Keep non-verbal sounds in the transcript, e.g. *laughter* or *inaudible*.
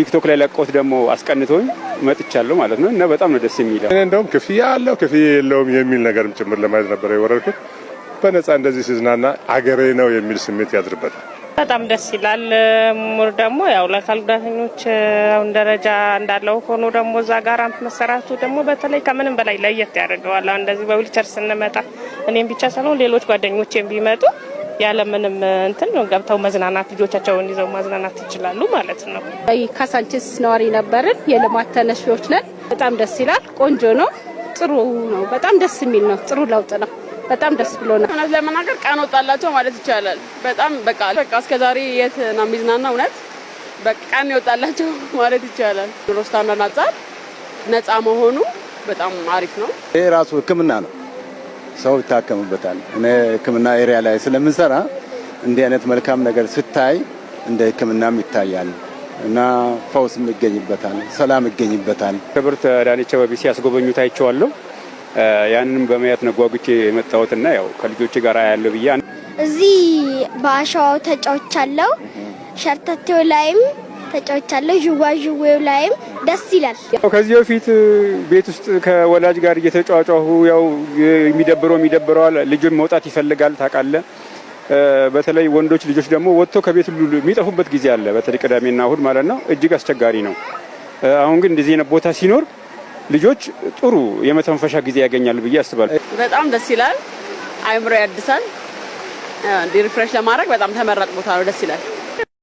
ቲክቶክ ላይ ለቆት ደግሞ አስቀንቶኝ መጥቻለሁ ማለት ነው። እና በጣም ነው ደስ የሚለው። እኔ እንደውም ክፍያ አለው ክፍያ የለውም የሚል ነገርም ጭምር ለማየት ነበረ የወረድኩት። በነፃ እንደዚህ ሲዝናና አገሬ ነው የሚል ስሜት ያድርበታል። በጣም ደስ ይላል። ሙር ደግሞ ያው ለአካል ጉዳተኞች አሁን ደረጃ እንዳለው ሆኖ ደግሞ እዛ ጋር መሰራቱ ደግሞ በተለይ ከምንም በላይ ለየት ያደርገዋል። እንደዚህ በዊልቸር ስንመጣ እኔም ብቻ ሳይሆን ሌሎች ጓደኞች ቢመጡ ያለምንም እንትን ገብተው መዝናናት ልጆቻቸውን ይዘው ማዝናናት ይችላሉ ማለት ነው። ካሳንቺስ ነዋሪ ነበርን። የልማት ተነሺዎች ነን። በጣም ደስ ይላል። ቆንጆ ነው። ጥሩ ነው። በጣም ደስ የሚል ነው። ጥሩ ለውጥ ነው። በጣም ደስ ነው። እውነት ለመናገር ቀን ወጣላቸው ማለት ይቻላል። በጣም በቃ በቃ እስከዛሬ የት ነው የሚዝናና? እውነት ቀን ይወጣላቸው *laughs* ማለት ይቻላል። ኑሮ ስታንዳርድ አንጻር ነፃ መሆኑ በጣም አሪፍ ነው። ይሄ ራሱ ሕክምና ነው። ሰው ይታከምበታል። እኔ ሕክምና ኤሪያ ላይ ስለምንሰራ እንዲህ አይነት መልካም ነገር ስታይ እንደ ሕክምናም ይታያል እና ፈውስም ይገኝበታል፣ ሰላም ይገኝበታል። ክብርት አዳነች አቤቤ ሲያስጎበኙ ታይቸዋለሁ። ያንንም በማየት ነጓጉች ጓጉቼ የመጣሁትና ያው ከልጆች ጋር ያለው ብያ እዚህ በአሸዋው አለው ሸርተቴው ላይም ተጫውቻለሁ። ዥዋዥዌው ላይም ደስ ይላል። ከዚህ በፊት ቤት ውስጥ ከወላጅ ጋር እየተጫዋጫሁ ያው የሚደብረው የሚደብረዋል ልጁን መውጣት ይፈልጋል ታውቃለህ። በተለይ ወንዶች ልጆች ደግሞ ወጥቶ ከቤት ሁሉ የሚጠፉበት ጊዜ አለ። በተለይ ቅዳሜና እሁድ ማለት ነው። እጅግ አስቸጋሪ ነው። አሁን ግን እንደዚህ አይነት ቦታ ሲኖር ልጆች ጥሩ የመተንፈሻ ጊዜ ያገኛሉ ብዬ አስባለሁ። በጣም ደስ ይላል። አይምሮ ያድሳል። ሪፍሬሽ ለማድረግ በጣም ተመራጭ ቦታ ነው። ደስ ይላል።